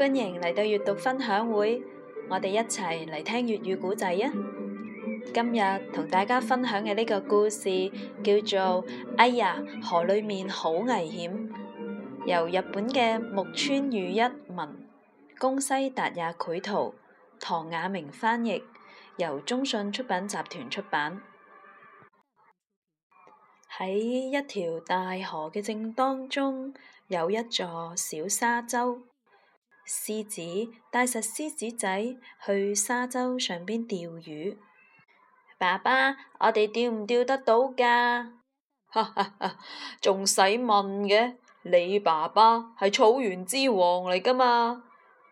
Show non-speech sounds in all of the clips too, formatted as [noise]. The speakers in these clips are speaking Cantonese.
歡迎嚟到閱讀分享會，我哋一齊嚟聽粵語古仔啊！今日同大家分享嘅呢個故事叫做《哎呀，河裡面好危險》，由日本嘅木村裕一文、宮西達也繪圖，唐亞明翻譯，由中信出版集團出版。喺一條大河嘅正當中，有一座小沙洲。獅子帶實獅子仔去沙洲上邊釣魚，爸爸，我哋釣唔釣得到噶？哈哈，仲使問嘅？你爸爸係草原之王嚟噶嘛？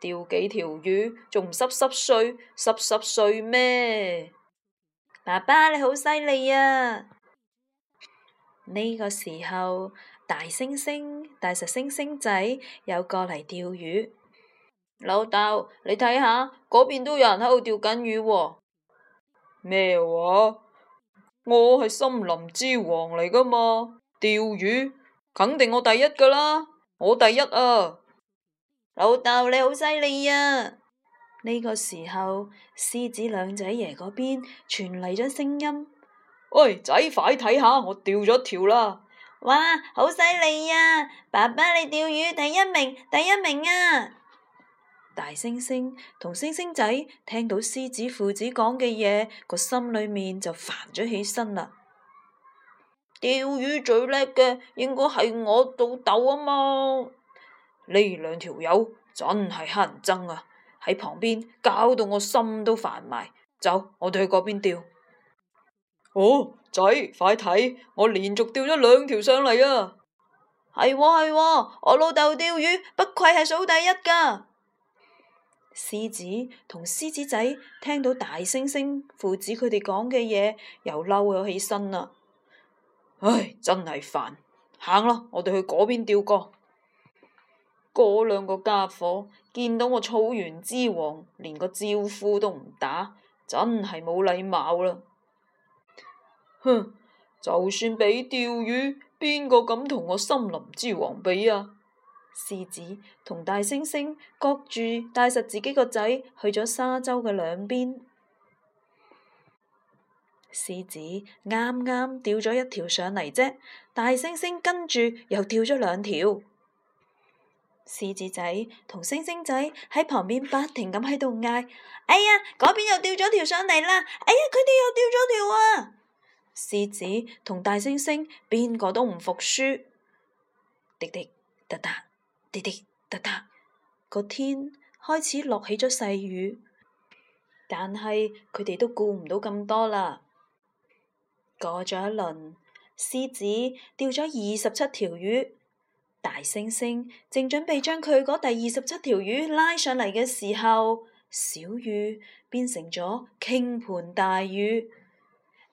釣幾條魚，仲唔濕濕碎？濕濕碎咩？爸爸你好犀利啊！呢個時候，大猩猩帶實猩猩仔又過嚟釣魚。老豆，你睇下嗰邊都有人喺度釣緊魚喎、哦。咩話？我係森林之王嚟噶嘛？釣魚肯定我第一噶啦，我第一啊！老豆，你好犀利啊！呢個時候，獅子兩仔爺嗰邊傳嚟咗聲音：喂，仔，快睇下，我釣咗一條啦！哇，好犀利啊！爸爸，你釣魚第一名，第一名啊！大猩猩同猩猩仔聽到獅子父子講嘅嘢，個心裏面就煩咗起身啦。釣魚最叻嘅應該係我老豆啊嘛！呢兩條友真係乞人憎啊！喺旁邊搞到我心都煩埋。走，我哋去嗰邊釣。哦，仔，快睇！我連續釣咗兩條上嚟啊！係喎係喎，我老豆釣魚不愧係數第一噶。獅子同獅子仔聽到大猩猩父子佢哋講嘅嘢，又嬲咗起身啦。唉，真係煩，行啦，我哋去嗰邊釣江。嗰兩個家伙見到我草原之王，連個招呼都唔打，真係冇禮貌啦。哼，就算比釣魚，邊個敢同我森林之王比啊？獅子同大猩猩各住帶實自己個仔去咗沙洲嘅兩邊。獅子啱啱釣咗一條上嚟啫，大猩猩跟住又釣咗兩條。獅子仔同猩猩仔喺旁邊不停咁喺度嗌：哎呀，嗰邊又釣咗條上嚟啦！哎呀，佢哋又釣咗條啊！獅子同大猩猩邊個都唔服輸，滴滴噠噠。達達滴滴噠噠，個天開始落起咗細雨，但係佢哋都顧唔到咁多啦。過咗一輪，獅子釣咗二十七條魚，大猩猩正準備將佢嗰第二十七條魚拉上嚟嘅時候，小雨變成咗傾盆大雨。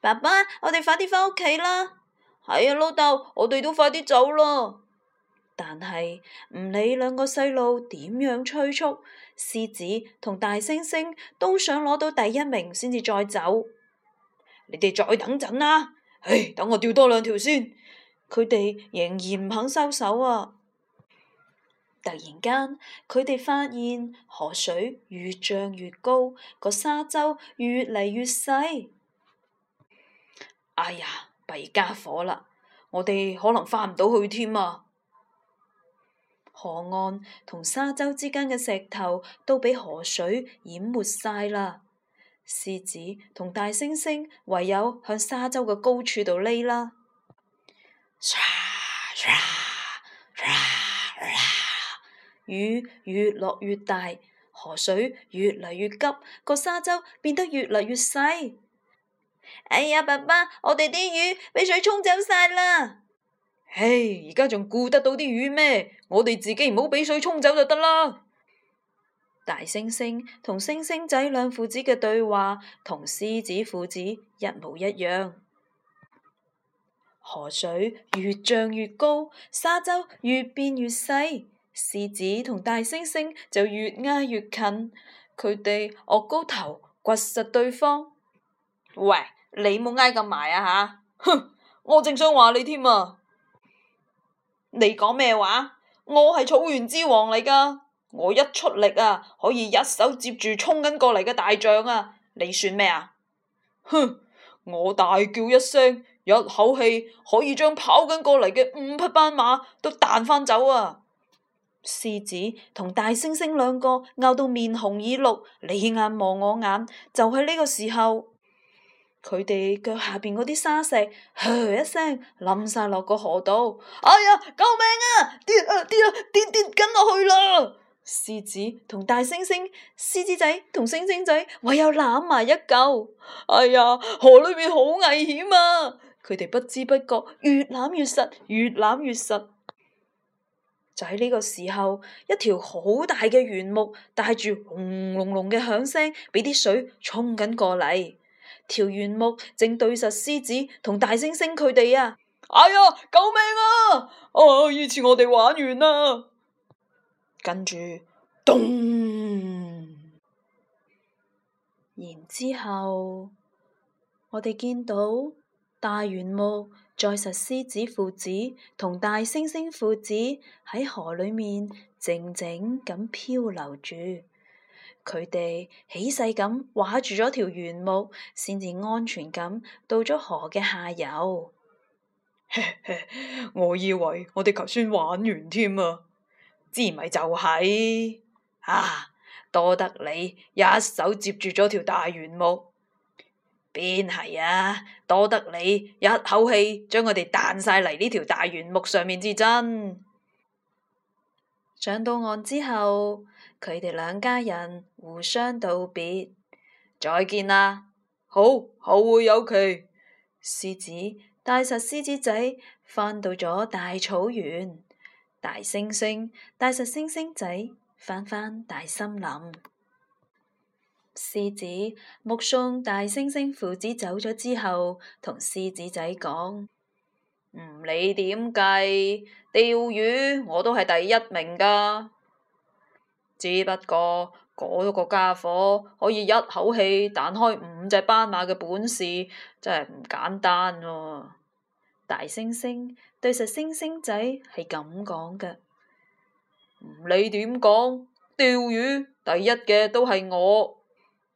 爸爸，我哋快啲翻屋企啦！係啊，老豆，我哋都快啲走咯。但係唔理兩個細路點樣催促，獅子同大猩猩都想攞到第一名先至再走。你哋再等陣啦、啊，唉，等我釣多兩條先。佢哋仍然唔肯收手啊！突然間，佢哋發現河水越漲越高，個沙洲越嚟越細。哎呀，弊家伙啦！我哋可能返唔到去添啊！河岸同沙洲之間嘅石頭都俾河水淹沒晒啦，獅子同大猩猩唯有向沙洲嘅高處度匿啦。啊啊啊啊啊、雨越落越大，河水越嚟越急，個沙洲變得越嚟越細。哎呀，爸爸，我哋啲魚俾水沖走晒啦！唉，而家仲顧得到啲魚咩？我哋自己唔好俾水沖走就得啦。大猩猩同猩猩仔兩父子嘅對話同獅子父子一模一樣。河水越漲越高，沙洲越變越細，獅子同大猩猩就越挨越近，佢哋惡高頭，掘實對方。喂，你冇挨咁埋啊吓！哼， [laughs] 我正想話你添啊！你講咩話？我係草原之王嚟㗎，我一出力啊，可以一手接住沖緊過嚟嘅大象啊！你算咩啊？哼！我大叫一聲，一口氣可以將跑緊過嚟嘅五匹斑馬都彈返走啊！獅子同大猩猩兩個拗到面紅耳綠，你眼望我眼，就喺呢個時候。佢哋腳下邊嗰啲沙石，噓一聲，冧晒落個河度。哎呀，救命啊！跌啊跌啊跌跌跟落去啦！獅子同大猩猩，獅子仔同猩猩仔，唯有攬埋一嚿。哎呀，河裏面好危險啊！佢哋不知不覺越攬越實，越攬越實。就喺呢個時候，一條好大嘅圓木帶住轟隆隆嘅響聲，畀啲水沖緊過嚟。條原木，正對實獅子同大猩猩佢哋啊！哎呀，救命啊！哦，呢次我哋玩完啦，跟住，咚，然之後我哋見到大原木載實獅子父子同大猩猩父子喺河裏面靜靜咁漂流住。佢哋起勢咁畫住咗條原木，先至安全咁到咗河嘅下游。 [laughs] 我以為我哋頭先玩完添啊！之咪就係、是、啊！多得你一手接住咗條大原木，邊係啊！多得你一口氣將我哋彈晒嚟呢條大原木上面至真。上到岸之後。佢哋兩家人互相道別，再見啦！好，後會有期。獅子帶實獅子仔返到咗大草原，大猩猩帶實猩猩仔返返大森林。獅子目送大猩猩父子走咗之後，同獅子仔講：唔理點計，釣魚我都係第一名噶。只不過嗰個傢伙可以一口氣彈開五隻斑馬嘅本事，真係唔簡單喎。大猩猩對實猩猩仔係咁講嘅，唔理點講，釣魚第一嘅都係我。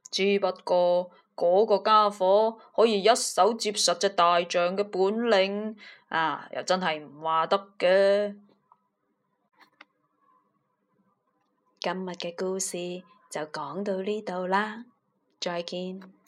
只不過嗰個傢伙可以一手接十隻大象嘅本領，啊，又真係唔話得嘅。今日嘅故事就講到呢度啦，再見。